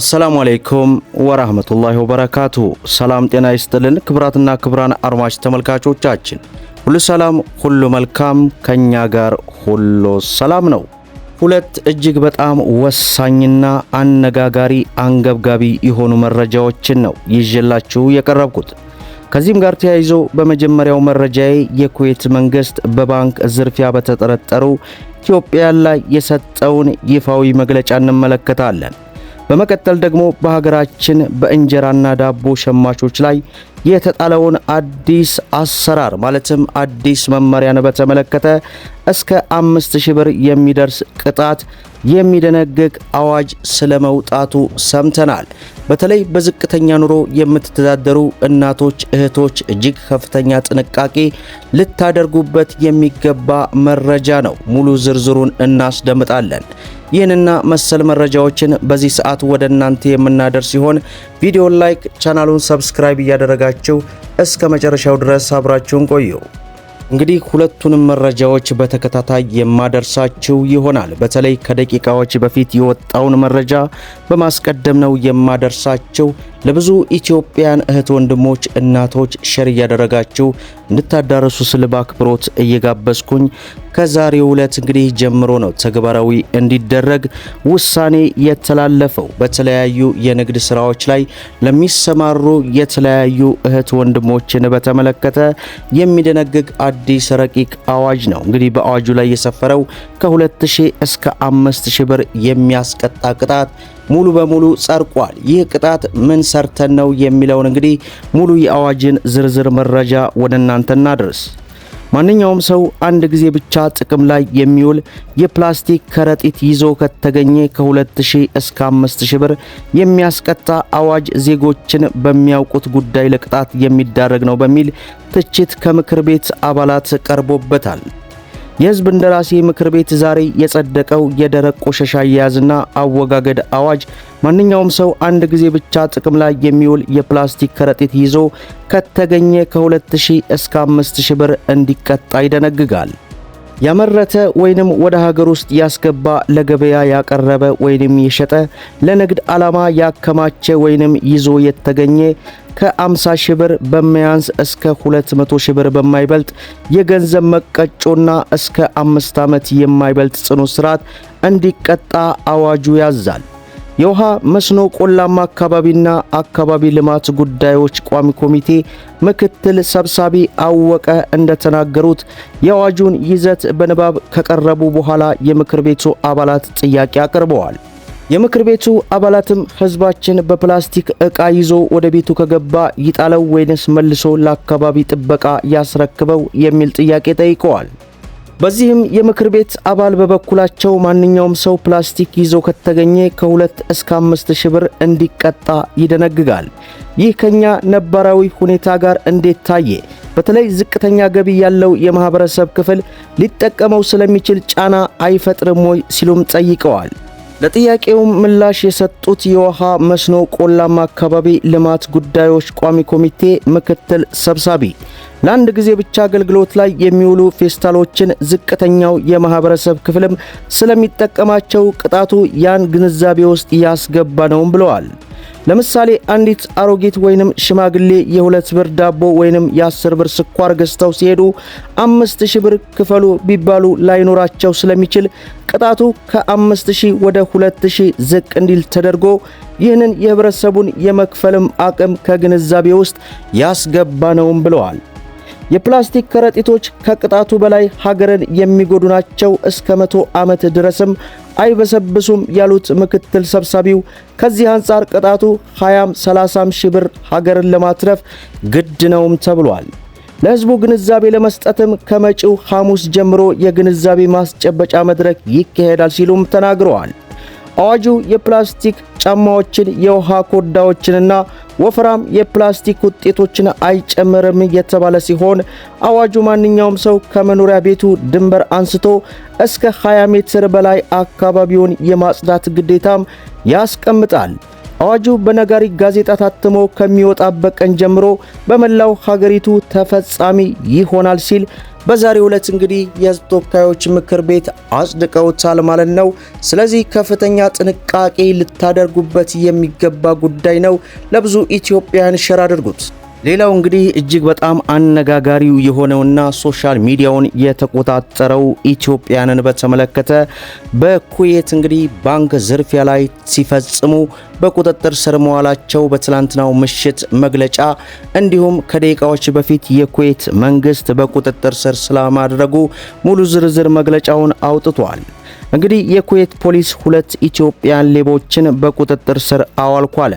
አሰላሙ አለይኩም ወራህመቱላሂ ወበረካቱ። ሰላም ጤና ይስጥልን። ክብራትና ክብራን አድማጭ ተመልካቾቻችን ሁሉ ሰላም፣ ሁሉ መልካም፣ ከኛ ጋር ሁሉ ሰላም ነው። ሁለት እጅግ በጣም ወሳኝና አነጋጋሪ አንገብጋቢ የሆኑ መረጃዎችን ነው ይዤላችሁ የቀረብኩት። ከዚህም ጋር ተያይዞ በመጀመሪያው መረጃዬ የኩዌት መንግስት በባንክ ዝርፊያ በተጠረጠሩ ኢትዮጵያ ላይ የሰጠውን ይፋዊ መግለጫ እንመለከታለን። በመቀጠል ደግሞ በሀገራችን በእንጀራና ዳቦ ሸማቾች ላይ የተጣለውን አዲስ አሰራር ማለትም አዲስ መመሪያን በተመለከተ እስከ አምስት ሺህ ብር የሚደርስ ቅጣት የሚደነግግ አዋጅ ስለመውጣቱ ሰምተናል። በተለይ በዝቅተኛ ኑሮ የምትተዳደሩ እናቶች፣ እህቶች እጅግ ከፍተኛ ጥንቃቄ ልታደርጉበት የሚገባ መረጃ ነው። ሙሉ ዝርዝሩን እናስደምጣለን። ይህንና መሰል መረጃዎችን በዚህ ሰዓት ወደ እናንተ የምናደርስ ሲሆን ቪዲዮን ላይክ፣ ቻናሉን ሰብስክራይብ እያደረጋችሁ እስከ መጨረሻው ድረስ አብራችሁን ቆዩ። እንግዲህ ሁለቱንም መረጃዎች በተከታታይ የማደርሳችሁ ይሆናል። በተለይ ከደቂቃዎች በፊት የወጣውን መረጃ በማስቀደም ነው የማደርሳችሁ። ለብዙ ኢትዮጵያን እህት ወንድሞች፣ እናቶች ሸር እያደረጋችሁ እንድታዳረሱ ስል በአክብሮት እየጋበዝኩኝ ከዛሬው ዕለት እንግዲህ ጀምሮ ነው ተግባራዊ እንዲደረግ ውሳኔ የተላለፈው። በተለያዩ የንግድ ስራዎች ላይ ለሚሰማሩ የተለያዩ እህት ወንድሞችን በተመለከተ የሚደነግግ አዲስ ረቂቅ አዋጅ ነው። እንግዲህ በአዋጁ ላይ የሰፈረው ከ2000 እስከ 5000 ብር የሚያስቀጣ ቅጣት ሙሉ በሙሉ ጸድቋል። ይህ ቅጣት ምን ሰርተን ነው የሚለውን እንግዲህ ሙሉ የአዋጅን ዝርዝር መረጃ ወደ እናንተ እናድርስ። ማንኛውም ሰው አንድ ጊዜ ብቻ ጥቅም ላይ የሚውል የፕላስቲክ ከረጢት ይዞ ከተገኘ ከ2000 እስከ 5000 ብር የሚያስቀጣ አዋጅ ዜጎችን በሚያውቁት ጉዳይ ለቅጣት የሚዳረግ ነው በሚል ትችት ከምክር ቤት አባላት ቀርቦበታል። የህዝብ እንደራሴ ምክር ቤት ዛሬ የጸደቀው የደረቅ ቆሻሻ አያያዝና አወጋገድ አዋጅ ማንኛውም ሰው አንድ ጊዜ ብቻ ጥቅም ላይ የሚውል የፕላስቲክ ከረጢት ይዞ ከተገኘ ከ2000 እስከ 5000 ብር እንዲቀጣ ይደነግጋል። ያመረተ ወይንም ወደ ሀገር ውስጥ ያስገባ፣ ለገበያ ያቀረበ ወይንም የሸጠ፣ ለንግድ ዓላማ ያከማቸ ወይንም ይዞ የተገኘ ከ50 ሺህ ብር በማያንስ እስከ 200 ሺህ ብር በማይበልጥ የገንዘብ መቀጮና እስከ አምስት ዓመት የማይበልጥ ጽኑ እስራት እንዲቀጣ አዋጁ ያዛል። የውሃ መስኖ ቆላማ አካባቢና አካባቢ ልማት ጉዳዮች ቋሚ ኮሚቴ ምክትል ሰብሳቢ አወቀ እንደተናገሩት የአዋጁን ይዘት በንባብ ከቀረቡ በኋላ የምክር ቤቱ አባላት ጥያቄ አቅርበዋል። የምክር ቤቱ አባላትም ሕዝባችን በፕላስቲክ ዕቃ ይዞ ወደ ቤቱ ከገባ ይጣለው ወይንስ መልሶ ለአካባቢ ጥበቃ ያስረክበው የሚል ጥያቄ ጠይቀዋል። በዚህም የምክር ቤት አባል በበኩላቸው ማንኛውም ሰው ፕላስቲክ ይዞ ከተገኘ ከሁለት እስከ አምስት ሺህ ብር እንዲቀጣ ይደነግጋል። ይህ ከኛ ነባራዊ ሁኔታ ጋር እንዴት ታየ? በተለይ ዝቅተኛ ገቢ ያለው የማህበረሰብ ክፍል ሊጠቀመው ስለሚችል ጫና አይፈጥርም ወይ ሲሉም ጠይቀዋል። ለጥያቄውም ምላሽ የሰጡት የውሃ መስኖ ቆላማ አካባቢ ልማት ጉዳዮች ቋሚ ኮሚቴ ምክትል ሰብሳቢ ለአንድ ጊዜ ብቻ አገልግሎት ላይ የሚውሉ ፌስታሎችን ዝቅተኛው የማህበረሰብ ክፍልም ስለሚጠቀማቸው ቅጣቱ ያን ግንዛቤ ውስጥ ያስገባ ነውም ብለዋል። ለምሳሌ አንዲት አሮጊት ወይንም ሽማግሌ የሁለት ብር ዳቦ ወይንም የአስር ብር ስኳር ገዝተው ሲሄዱ አምስት ሺህ ብር ክፈሉ ቢባሉ ላይኖራቸው ስለሚችል ቅጣቱ ከአምስት ሺህ ወደ ሁለት ሺህ ዝቅ እንዲል ተደርጎ ይህንን የህብረተሰቡን የመክፈልም አቅም ከግንዛቤ ውስጥ ያስገባ ነውም ብለዋል። የፕላስቲክ ከረጢቶች ከቅጣቱ በላይ ሀገርን የሚጎዱ ናቸው፣ እስከ መቶ ዓመት ድረስም አይበሰብሱም ያሉት ምክትል ሰብሳቢው ከዚህ አንጻር ቅጣቱ 20ም 30ም ሺህ ብር ሀገርን ለማትረፍ ግድ ነውም ተብሏል። ለሕዝቡ ግንዛቤ ለመስጠትም ከመጪው ሐሙስ ጀምሮ የግንዛቤ ማስጨበጫ መድረክ ይካሄዳል ሲሉም ተናግረዋል። አዋጁ የፕላስቲክ ጫማዎችን የውሃ ኮዳዎችንና ወፍራም የፕላስቲክ ውጤቶችን አይጨምርም የተባለ ሲሆን አዋጁ ማንኛውም ሰው ከመኖሪያ ቤቱ ድንበር አንስቶ እስከ 20 ሜትር በላይ አካባቢውን የማጽዳት ግዴታም ያስቀምጣል። አዋጁ በነጋሪት ጋዜጣ ታትሞ ከሚወጣበት ቀን ጀምሮ በመላው ሀገሪቱ ተፈጻሚ ይሆናል ሲል በዛሬው ዕለት እንግዲህ የሕዝብ ተወካዮች ምክር ቤት አጽድቀውታል ማለት ነው። ስለዚህ ከፍተኛ ጥንቃቄ ልታደርጉበት የሚገባ ጉዳይ ነው። ለብዙ ኢትዮጵያውያን ሸር አድርጉት። ሌላው እንግዲህ እጅግ በጣም አነጋጋሪው የሆነውና ሶሻል ሚዲያውን የተቆጣጠረው ኢትዮጵያንን በተመለከተ በኩዌት እንግዲህ ባንክ ዝርፊያ ላይ ሲፈጽሙ በቁጥጥር ስር መዋላቸው በትላንትናው ምሽት መግለጫ እንዲሁም ከደቂቃዎች በፊት የኩዌት መንግስት በቁጥጥር ስር ስለማድረጉ ሙሉ ዝርዝር መግለጫውን አውጥቷል። እንግዲህ የኩዌት ፖሊስ ሁለት ኢትዮጵያን ሌቦችን በቁጥጥር ስር አዋልኳለ።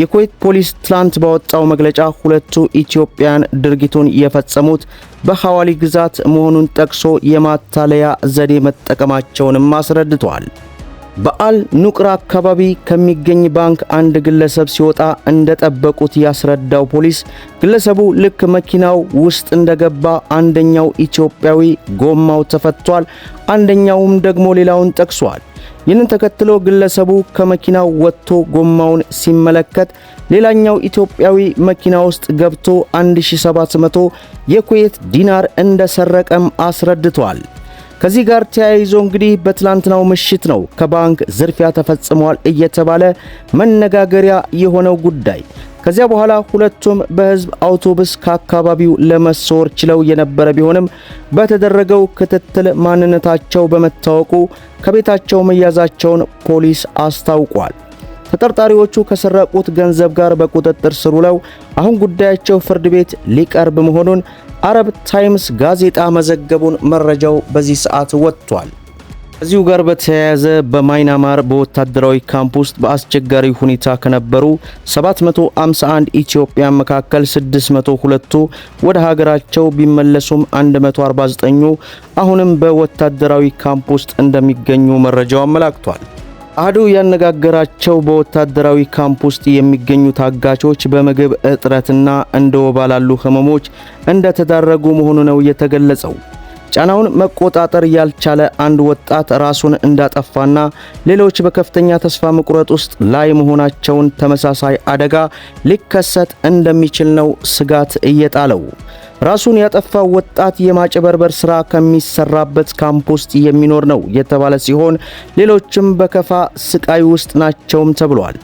የኩዌት ፖሊስ ትላንት ባወጣው መግለጫ ሁለቱ ኢትዮጵያን ድርጊቱን የፈጸሙት በሐዋሊ ግዛት መሆኑን ጠቅሶ የማታለያ ዘዴ መጠቀማቸውንም አስረድቷል። በዓል ኑቅራ አካባቢ ከሚገኝ ባንክ አንድ ግለሰብ ሲወጣ እንደጠበቁት ያስረዳው ፖሊስ ግለሰቡ ልክ መኪናው ውስጥ እንደገባ አንደኛው ኢትዮጵያዊ ጎማው ተፈቷል፣ አንደኛውም ደግሞ ሌላውን ጠቅሷል። ይህንን ተከትሎ ግለሰቡ ከመኪናው ወጥቶ ጎማውን ሲመለከት ሌላኛው ኢትዮጵያዊ መኪና ውስጥ ገብቶ 1700 የኩዌት ዲናር እንደሰረቀም አስረድቷል። ከዚህ ጋር ተያይዞ እንግዲህ በትላንትናው ምሽት ነው ከባንክ ዝርፊያ ተፈጽሟል እየተባለ መነጋገሪያ የሆነው ጉዳይ። ከዚያ በኋላ ሁለቱም በህዝብ አውቶቡስ ከአካባቢው ለመሰወር ችለው የነበረ ቢሆንም በተደረገው ክትትል ማንነታቸው በመታወቁ ከቤታቸው መያዛቸውን ፖሊስ አስታውቋል። ተጠርጣሪዎቹ ከሰረቁት ገንዘብ ጋር በቁጥጥር ስር ውለው አሁን ጉዳያቸው ፍርድ ቤት ሊቀርብ መሆኑን አረብ ታይምስ ጋዜጣ መዘገቡን መረጃው በዚህ ሰዓት ወጥቷል። ከዚሁ ጋር በተያያዘ በማይናማር በወታደራዊ ካምፕ ውስጥ በአስቸጋሪ ሁኔታ ከነበሩ 751 ኢትዮጵያ መካከል 602ቱ ወደ ሀገራቸው ቢመለሱም 149ኙ አሁንም በወታደራዊ ካምፕ ውስጥ እንደሚገኙ መረጃው አመላክቷል። አዱ ያነጋገራቸው በወታደራዊ ካምፕ ውስጥ የሚገኙ ታጋቾች በምግብ እጥረትና እንደ ወባ ላሉ ህመሞች እንደተዳረጉ መሆኑ ነው የተገለጸው። ጫናውን መቆጣጠር ያልቻለ አንድ ወጣት ራሱን እንዳጠፋና ሌሎች በከፍተኛ ተስፋ መቁረጥ ውስጥ ላይ መሆናቸውን ተመሳሳይ አደጋ ሊከሰት እንደሚችል ነው ስጋት እየጣለው። ራሱን ያጠፋው ወጣት የማጭበርበር ስራ ከሚሰራበት ካምፕ ውስጥ የሚኖር ነው የተባለ ሲሆን ሌሎችም በከፋ ስቃይ ውስጥ ናቸውም ተብሏል።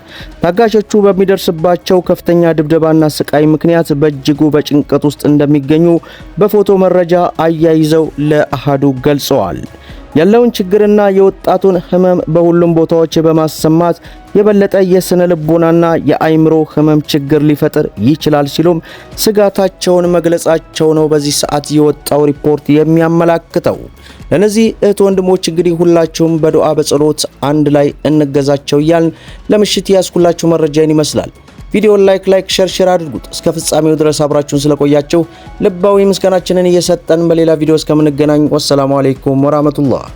ታጋቾቹ በሚደርስባቸው ከፍተኛ ድብደባና ስቃይ ምክንያት በእጅጉ በጭንቀት ውስጥ እንደሚገኙ በፎቶ መረጃ አያይዘው ለአሃዱ ገልጸዋል። ያለውን ችግርና የወጣቱን ህመም በሁሉም ቦታዎች በማሰማት የበለጠ የስነ ልቦናና የአይምሮ ህመም ችግር ሊፈጥር ይችላል ሲሉም ስጋታቸውን መግለጻቸው ነው በዚህ ሰዓት የወጣው ሪፖርት የሚያመላክተው። ለነዚህ እህት ወንድሞች እንግዲህ ሁላችሁም በዱዓ በጸሎት አንድ ላይ እንገዛቸው እያልን ለምሽት ያስኩላችሁ መረጃን ይመስላል። ቪዲዮን ላይክ ላይክ ሼር ሼር አድርጉት። እስከ ፍጻሜው ድረስ አብራችሁን ስለቆያችሁ ልባዊ ምስጋናችንን እየሰጠን በሌላ ቪዲዮ እስከምንገናኝ ወሰላሙ አሌይኩም ወራህመቱላህ